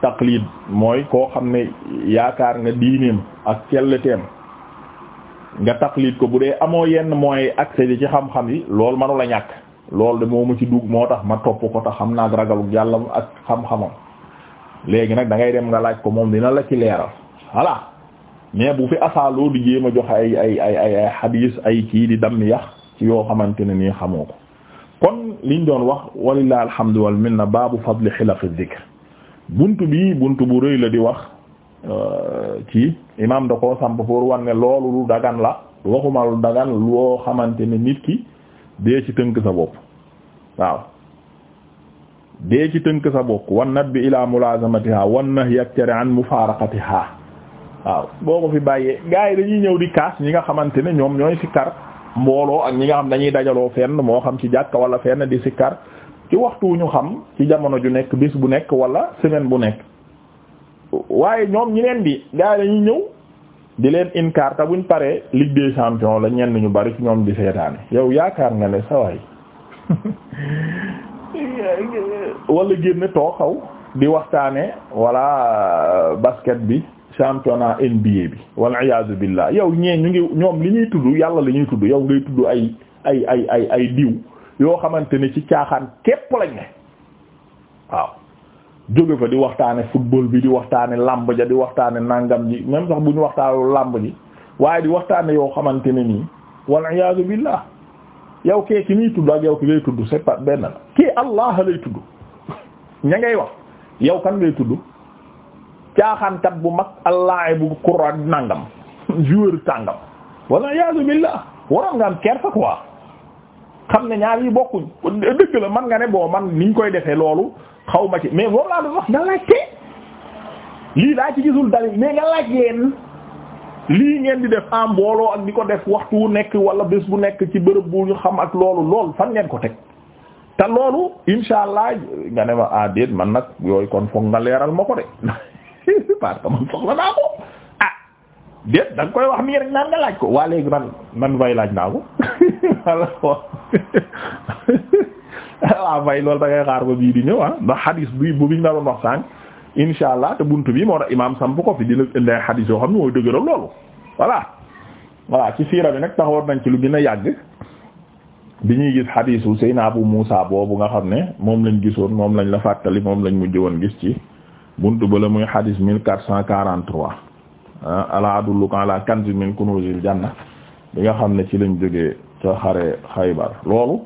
taqlid mooy koo xam ne yaakaar nga diineem ak kelleteem nga taqlid ko bu dee amoo yenn mooy accès yi ci xam-xam yi loolu manu la ñàkk. loolu de moo ma ci dugg moo tax ma topp ko tax xam naa ragalug yàlla ak xam-xamam léegi nag dangay dem nga laaj ko moom dina la ci leeral voilà mais bu fi asaaloo di jéem a joxe ay ay ay ay ay xadiis ay kii di damm yax ci yoo xamante ne nii xamoo ko kon liñ doon wax walillahi alhamdu wal na baabu fadli xilaqi dikr bunt bi bunt bu rëy la di wax euh, ci imam da koo samp pour wan ne loolu lu dagan la waxuma lu dagan loo xamante ne nit ki dee ci tënk sa bopp waaw dee ci tënk sa bopp wan nat bi ilaa mulazamatiha wan na yak cere an mufaraqatiha waaw boo ko fi bàyyee gars yi dañuy ñëw di kaas ñi nga xamante ne ñoom ñooy kar mbooloo ak ñi nga xam dañuy dajaloo fenn moo xam ci jàkka wala fenn di sikkar ci waxtu ñu xam ci jamono ju nekk bis bu nekk wala semaine bu nekk waaye ñoom ñi leen di gars yi dañuy ñëw di leen incar te buñ paree Ligue des champions la ñenn ñu bari ñoom di seetaane yow yaakaar nga ne sawaay walla génn too xaw di waxtaane wala basket bi championnat NBA bi wal iyaazu billah yow ñee ñu ngi ñoom li ñuy tudd yàlla la ñuy tudd yow ngay tudd ay ay ay ay diw yoo xamante ni ci caaxaan képp lañ ne waaw jóge fa di waxtaane football bi di waxtaane làmb ja di waxtaane nàngam ji même sax bu ñu waxtaanul làmb ji waaye di waxtaane yoo xamante ne nii wal iyaadu billah yow kee ki muy tudd ak yow ki ngay tudd c'est benn la kii allah lay tudd ña ngay wax yow kan ngay tudd caaxaankat bu mag allah bu kura nàngam joueur tàngam wal iyaadu billah waroon nga am kersa quoi xam ne ñaar yi bokkuñ dëgg la man nga ne boo man niñ koy defee loolu xaw ma ci mais moom laa doon wax nga laajte lii daa ci gisul dalil mais nga laaj leen lii ngeen di def en mbooloo ak ni ko def waxtu wu nekk wala bés bu nekk ci bërëb bu ñu xam ak loolu lool fan ngeen ko teg. te loolu insha allah nga ne ma ah déet man nag yooyu kon foog nga leeral ma ko de parce que man soxla naa ko ah déet da nga koy wax nii rek naan nga laaj ko waa léegi man man fay laaj naa ko Ah, waaw fay loolu da ngay xaar ba bii di ñëw a ah. ndax xadis bi bu bi la doon wax sànq insha allah te buntu bi moo tax imaam samp ko di la indee xadis yoo ne mooy dëgëral loolu voilà voilà ci siira bi nag taxawoon nañ ci lu gën a yàgg bi ñuy gis xadisu Seyna Abu Muusa boobu nga xam ne moom lañ gisoon moom lañ la fàttali moom lañ mujj woon gis ci buntu ba la muy xadis mille quatre cent quarante-trois ah, ala adulluka ala kanzin min kunuzil janna bi nga xam ne ci lañ jóge ca xare Xaybar loolu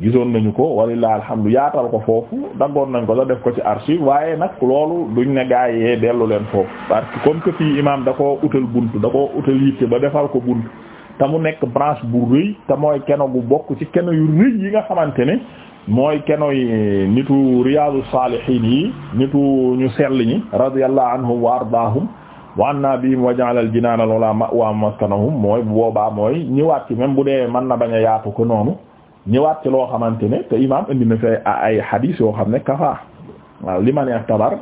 gisoon nañu ko walilah alhamdu yaatal ko foofu daggoon nañ ko sax def ko ci archive waaye nag loolu duñ ne gaa yee dellu leen foofu parce que comme que fii imam da koo utal bunt da koo utal yitte ba defal ko bunt te mu nekk branche bu rëy te mooy keno bu bokk ci keno yu rëy yi nga xamante ne mooy keno yi nitu riyaadu saalihiin yi nitu ñu sell ñi radiyallahu anhum wa ardaahum wa anna bihim wa ja'ala al-jinaana al-ulaa ma'waa maskanahum mooy boobaa mooy ñëwaat ci même bu dee mën na bañ a ko noonu ñëwaat ci loo xamante ne te imaam indi na a ay hadis yoo xam ne kafa waaw li ma neex tabar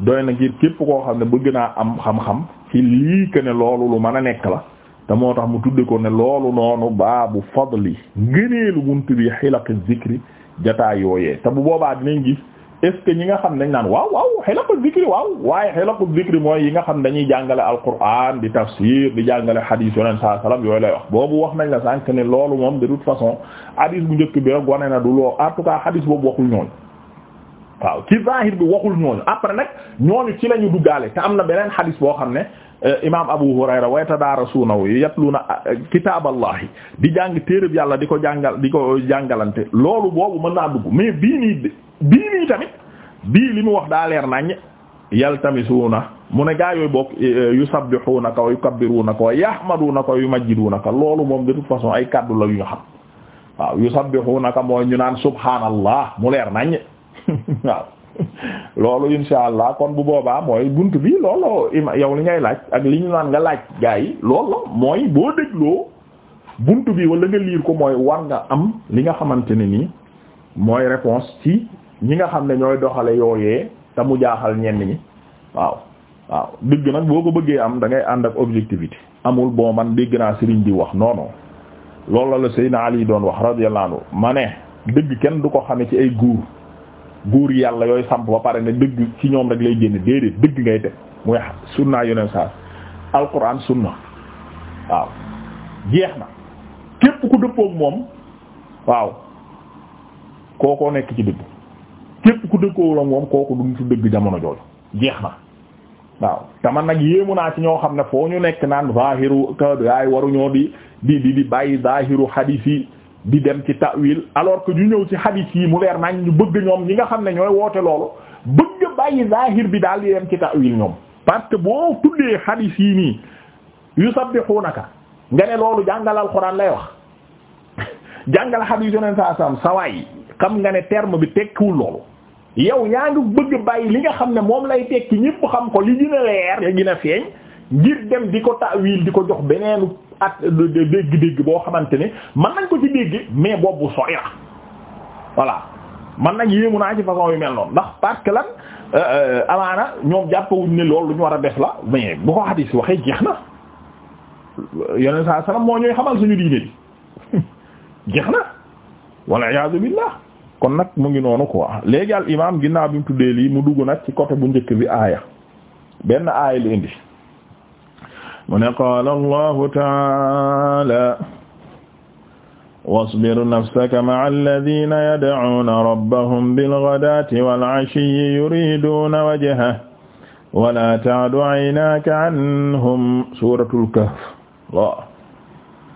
doy na ngir képp koo xam ne bëgg naa am xam-xam ci lii ne loolu lu mën a nekk la te moo tax mu tudde ko ne loolu noonu baabu fadli ngëneelu bunt bi xilaqi zikri jataa yooyee te bu boobaa dinañ gis est que ñi nga xam dañ naan waaw waaw xelaqul zikri waaw waaye xelaqul zikri mooy yi nga xam dañuy jàngale alquran di tafsir di jàngale xadiis yoneen saa salaam yooyu lay wax boobu wax nañ la sànq ne loolu moom de toute façon xadiis bu njëkk bi rek wane na du loo en tout cas xadiis boobu waxul ñooñ waaw ci zahir bi waxul ñooñu après nag ñooñu ci la ñu duggaale te am na beneen xadiis boo xam ne euh, imaam Abu Hurayra wa yatadaarasuunahu yatluuna euh, kitaaballahi di jàng téereb yàlla di ko jàngal di ko jàngalante loolu boobu mën naa dugg mais bii li mu wax daa leer nañ yaltamisuuna mu ne gaa yooyu bokk eh, yusabbihuuna ka wa yukabbiruuna ka wa yahmaduuna ka wa yumajjiduuna ka loolu moom de toute façon ay kaddu la yu ñu xam waaw yusabbihuuna ka mooy ñu naan subhaanallah mu leer nañ waaw loolu insha allah kon bu boobaa mooy buntu bi loolu yow li ngay laaj ak li ñu naan nga laaj gaa yi loolu mooy boo dégloo buntu bi walla nga liir ko mooy war nga am li nga xamante ne nii mooy réponse ci ñi nga xam ne ñooy doxale yooyee te mu jaaxal ñenn ñi waaw waaw dëgg nag boo ko bëggee am da ngay ànd ak objectivité amul bon man dégg naa sëriñ di wax non non loolu la la Seydina Ali doon wax radiyallahu anhu ma ne dëgg kenn du ko xame ci ay guur guur yàlla yooyu samp ba pare ne dëgg ci ñoom rek lay génn déedéet dëgg ngay teg muy sunnaa yoneen saa alquran sunna waaw jeex na képp ku dëppook moom waaw kookoo nekk ci dëgg képp ku dëkkoo la moom kooku duñ fi dëgg jamono jooju jeex na waaw te man nag yéemu naa ci ñoo xam ne foo ñu nekk naan zahiru ka yaay waruñoo di di di di bàyyi zahiru hadith yi di dem ci ta'wil alors que ñu ñëw ci hadith yi mu leer nañ ñu bëgg ñoom ñi nga xam ne ñooy woote loolu bëgg bàyyi zahir bi daal di dem ci ta'wil ñoom parce que boo tuddee hadith yi nii yusabbihunaka nga ne loolu jàngal alxuraan lay wax jàngal hadith yoneen sa sam sawaay xam nga ne terme bi tekkiwul yow ñaa ngi bëgg bàyyi li nga xam ne moom lay tekki ñépp xam ko li gën a leer ya gën a feeñ ngir dem di ko ta'wil di ko jox beneenu at dégg-dégg boo xamante ne mën nañ ko ci dégg mais boobu sooy la voilà man nag yéemu naa ci façon yu mel noonu ndax parce que lan euh, euh, amaana ñoom wuñ ne loolu lu ñu war a def la mais bu ko xadis waxee jeex na yeneen saa salaam moo ñuy xamal suñu diine bi jeex na walla iyaazu billah kon nag mu ngi noonu quoi léegi al imaam ginnaaw bi mu tuddee lii mu dugg nag ci côté bu njëkk bi aaya benn aaya li indi mu ne qaala allahu taala wasbir nafsaka ma'a alladhina yad'una rabbahum bilghadati wal 'ashiyyi yuriduna wajhahu wa la ta'du 'aynaka 'anhum suuratul kahf waaw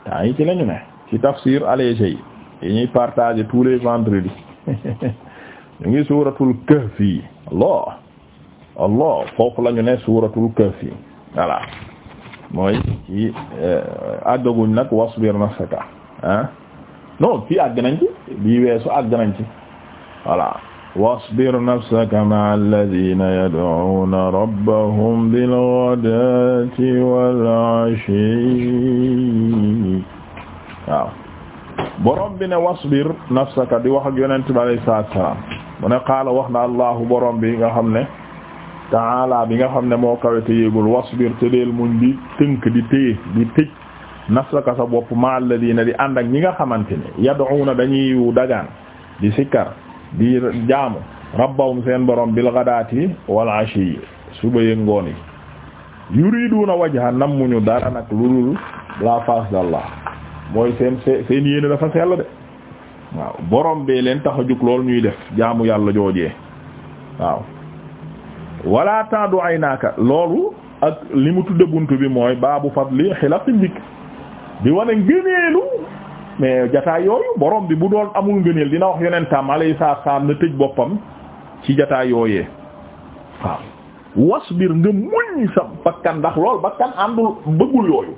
temps yi ci lañu ne ci tafsir allégé yi ñuy partager tous les vendredis ñu ngi suuratul kahfi allah allah foofu la ñu ne suuratul kahfi voilà mooy ci eh, àggaguñ nag wasbir nafsaka ah non fii àgg nañ ci bii weesu àgg nañ ci voilà wasbir nafsaka ma'a alladhina yad'una rabbahum bil ghadati wal 'ashi waaw borom bi ne wasbir nafsaka di wax ak yonent bi alayhi salaatu salaam mu ne qaala wax na allahu borom bi nga xam ne taala bi nga xam ne moo kawe te yéegul wasbir te deel muñ di tënk di téye di tëj nafsaka sa bopp ma alladina di ànd ak ñi nga xamante ne yad'una dañuy dagaan di sikkar di jaamu rabbahum seen borom bil ghadaati wal ashi suba yëg ngoon yi yuriduna wajha nam muñu dara nag lu dul la face d'Allah mooy seen seen yéene dafa sell de waaw borom bee leen tax a jug lool ñuy def jaamu yàlla joojee waaw wala taadu ay naaka loolu ak li mu tudde buntu bi mooy baabu fadli xilaqi zikr di wane ngëneelu mais jataay yooyu borom bi bu doon amul ngëneel dina wax yonentam alayhi salaam na tëj boppam ci jataay yooyee waaw wasbir nga muñ sa bakkan ndax lool bakkan àndul bëggul yooyu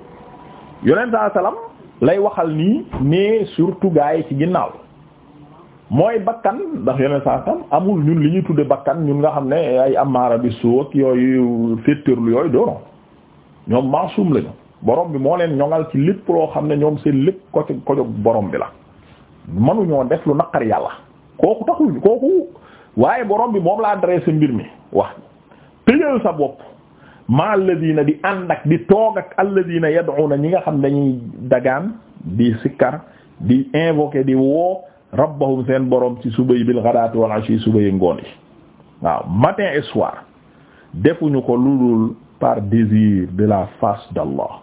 yonent salaam lay waxal nii mais surtout gaa yi ci ginnaaw mooy bakkan ndax yeneen saa tam amul ñun li ñuy tudde bakkan ñun nga xam ne ay amaara bi suuf ak yooyu féetarlu yooyu doono ñoom maasum lañu borom bi moo leen ñoŋal ci lépp loo xam ne ñoom seen lépp ko ci ko borom bi la mënuñoo def lu naqar yàlla kooku taxul kooku waaye borom bi moom laa la adressé mbir mi wax tëjal sa bopp ma alladina di ànd ak di toog ak alladina na ñi nga xam dañuy dagaan di sikkar di invoquer di woo rabbahum seen boroom ci subay bil ghadati wal ashi subay ngoon yi waaw matin et soir defuñu ko lulul par désir de la face d'Allah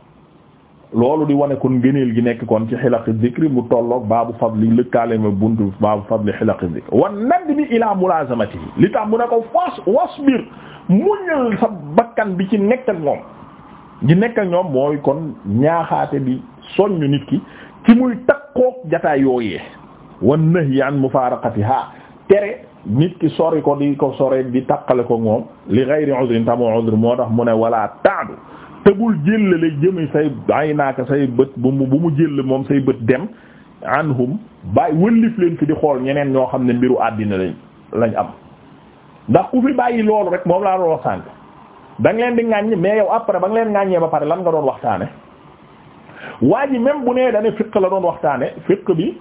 loolu di wane kon ngëneel gi nekk kon ci xilaqi zikri mu tolloog baabu fadli lëkkalema buntu baabu fadli xilaqi zikri wan nag bi ila mulazamatihi li tax mu ne ko fas wasbir muñal sa bakkan bi ci nekk ak moom di nekk ak ñoom mooy kon ñaaxaate bi soññ nit ki ci muy takkook jataay yooyee wan nahyi an mufaraqatiha tere nit ki sori ko di ko sore di takkale ko moom li ghayri udrin tamoo udr moo tax mu ne wala taadu te jël jëllale jëmi say ay naaka say bët bu mu jël moom say bët dem anhum bàyyi wëllif leen fi di xool ñeneen ñoo xam ne mbiru àddina lañ lañ am ndax ku fi bàyyi loolu rek moom laa doon wax sànk da nga leen di ŋàññ mais yow après ba nga leen ŋàññee ba pare lan nga doon waxtaane waa ji même bu nee dane fiq la doon waxtaane fiq bi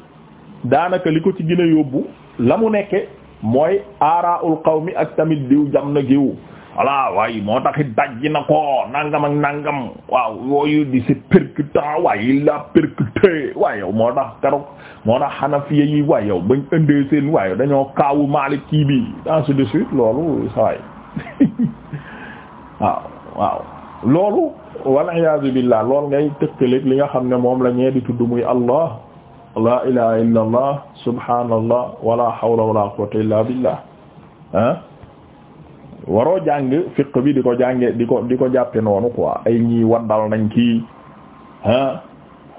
daanaka li ko ci gën yóbbu la mu nekke mooy aaraul qawmi ak tamit diw jam na giw voilà waaye moo taxit dajji na ko nangam ak nangam waaw yooyu di si percutant waaye il a percuté waaye yow moo tax keroog moo tax xanafiya yi waaye yow bañ indee seen waaye dañoo kaawu Maalik kii bi ainsi de suite loolu sawaay waaw waaw loolu wal iyaazu billah lool ngay tëkkaleeg li nga xam ne moom la ñee di tudd muy allah la ilaha illa allah wala hawla wala quwwata illa billah ah waroo jàng fiq bi di ko jànge di ko di ko jàppe noonu quoi ay ñii waddal nañ kii ah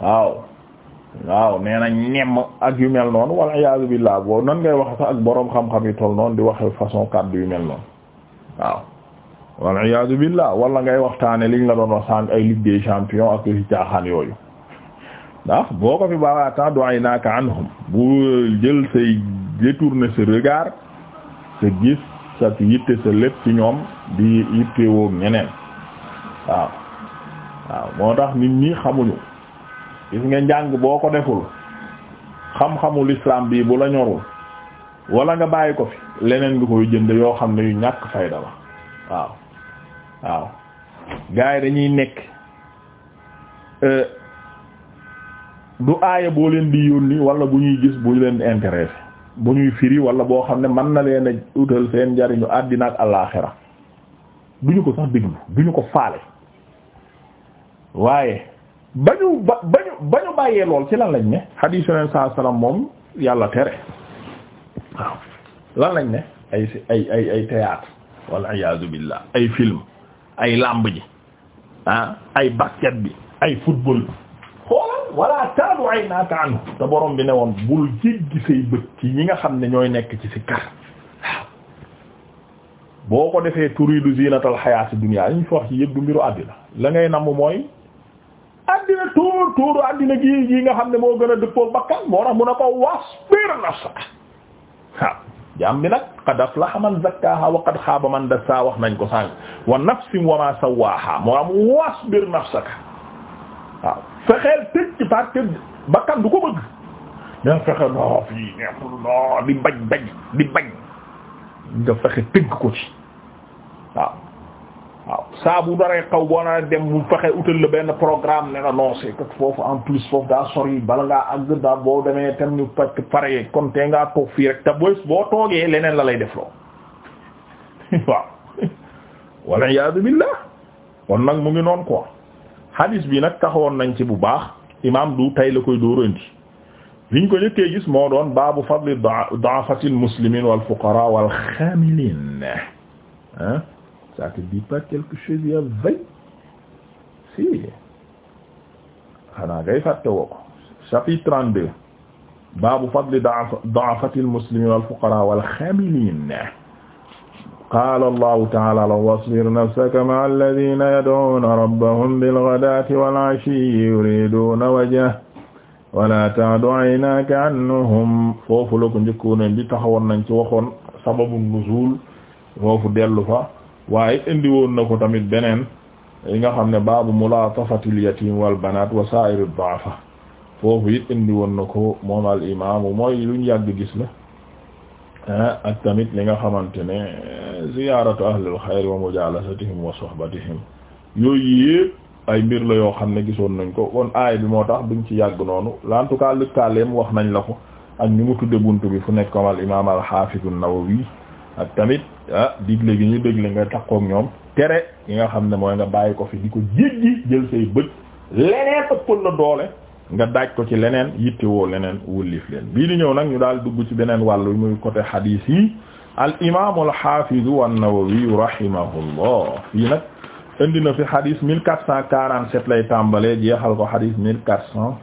waaw waaw nee ñemm ak yu mel noonu wal iyaazu billah boo nan ngay wax sax ak boroom xam-xam yi toll noonu di waxe façon kàddu yu mel noonu waaw wal iyaadu billah wala ngay waxtaane liñ la doon wax sànq ay ligue des champions ak yi caaxaan yooyu ndax boo ko fi baaxee temps du ay naaka anhum bu jël say détourner sa regard sa gis sa yitte sa lépp ci ñoom di yittewoo ñeneen waaw waaw moo tax nit ñi xamuñu gis nga njàng boo ko deful xam-xamul islam bii bu la ñorul wala nga bàyyi ko fi leneen nga koy jënd yoo xam ne yu ñàkk fayda waaw waaw gars yi dañuy nekk euh, du aaya boo leen di yónni wala bu ñuy gis bu leen intéressé bu ñuy firi wala boo xam ne mën na leen a utal seen njariñu àddina ak àllaaxira du ñu ko sax déglu du ñu ko faale waaye ba ñu ba ba ñu bàyyee lool ci lan lañ ne xadiis yoneen saa salaam moom yàlla tere waaw lan lañ ne ay ay ay ay théâtre wal iyaazu ay film ay làmb ji ah ay basket bi ay football xoolal wala taadu ay naaka te borom bi ne woon bul jéggi say bët ci ñi nga xam ne ñooy nekk ci sikkar waaw boo ko defee turidu zinatal xayaati dunya yi ñu fi wax ci yëpp du mbiru àddina la ngay namm mooy àddina tuur tuuru àddina gi yi nga xam ne moo gën a dëppoo bakkan moo tax mun a ko wasbir nafsa waaw jaam bi nag qad aflaha man zakkaaha wa qad xaaba man dassaa wax nañ ko sànq wa nafsin wa ma sawwaaha moo am wasbir nafsaka waaw fexeel tëj ci parce que bakkan du ko bëgg da fexe no fii neexul no di bañ bañ di bañ nga fexe tëgg ko ci saa bu daree xaw boo na dem mu fexe utal la benn programme ne la non foofu en plus foofu daa sori bala ngaa àgg daa boo demee tam ñu pare pare kon te ngaa toog fii rek te boo boo toogee leneen la lay def loo waaw walla iyaadu billaah kon nag mu ngi noon quoi hadis bi nag taxawoon nañ ci bu baax imaam du tey la koy dóorandi liñ ko njëkkee gis moo doon baabu fadli du'afatil muslimiin wal fuqaraa wal xaamiliin ah ça te dit pas quelque chose y a veille si xanaa ngay fàtte woo ko chapitre 32 baabu fadli du'afati al-muslimin wal-fuqara wal-hamilin qaala allahu taala lahum wasbir nafsaka ma'a alladhina yad'una rabbahum bil-ghadaati wal-'ashiyyi yuriduuna wajhahu wala ta'du 'aynaka 'anhum foofu la ko njëkkoon di taxawoon nañ ci waxoon sababu nuzul foofu dellu fa waaye indi woon na ko tamit beneen li nga xam ne baabu mulatafatil yatim wal banat wa sa'ir ad-du'afa foofu it indi woon na ko moom al imaamu mooy luñ yàgg gis la ah, ak tamit li nga xamante ne ziyaaratu ahlil xayri wa mujalasatihim wa sohbatihim yooyu yëpp ay mbir la yoo xam ne gisoon nañ ko kon aay bi moo tax duñ ci yàgg noonu en tout cas wax nañ la ko ak ni mu tudde bunt bi fu nekk comme al imaam al xaafidu nawawi ak tamit ah digle gi ñu dégle nga takkook ñoom tere yi nga xam ne mooy nga bàyyi ko fi di ko jéggi jël say bët leneen ëppal la doole nga daaj ko ci leneen yittewoo leneen wëllif leen bii di ñëw nag ñu daal dugg ci beneen wàllu muy côté hadis yi al imaamu al xaafizu an-Nawawi rahimahullah fii nag indi na fi hadis mille quatre cent quarante sept lay tàmbalee jeexal ko hadis mille quatre cent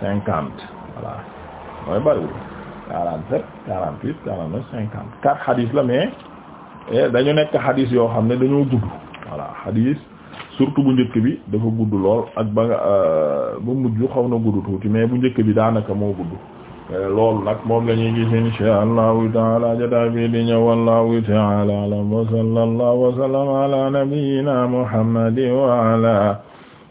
cinquante voilà mooy bariwul quarante sept quarante huit quarante Eh, dañu nekk xadis yoo xam ne dañoo gudd voilà xadis surtout bu njëkk bi dafa gudd lool ak ba nga euh, ba mujj xaw na gudd tuuti mais bu njëkk bi daanaka moo gudd eh, loolu nag moom la ñuy gis insha allahu taala jataa bi di ñëw wallahu taala alam wa sallallahu wa sallama ala nabiyyina muhammadin wa ala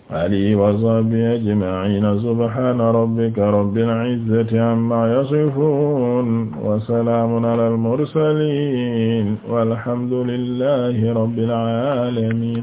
alihi wa sahbihi ajma'ina subhana rabbika rabbil izzati amma yasifun wa salamun alal mursalin walhamdulillahi rabbil alamin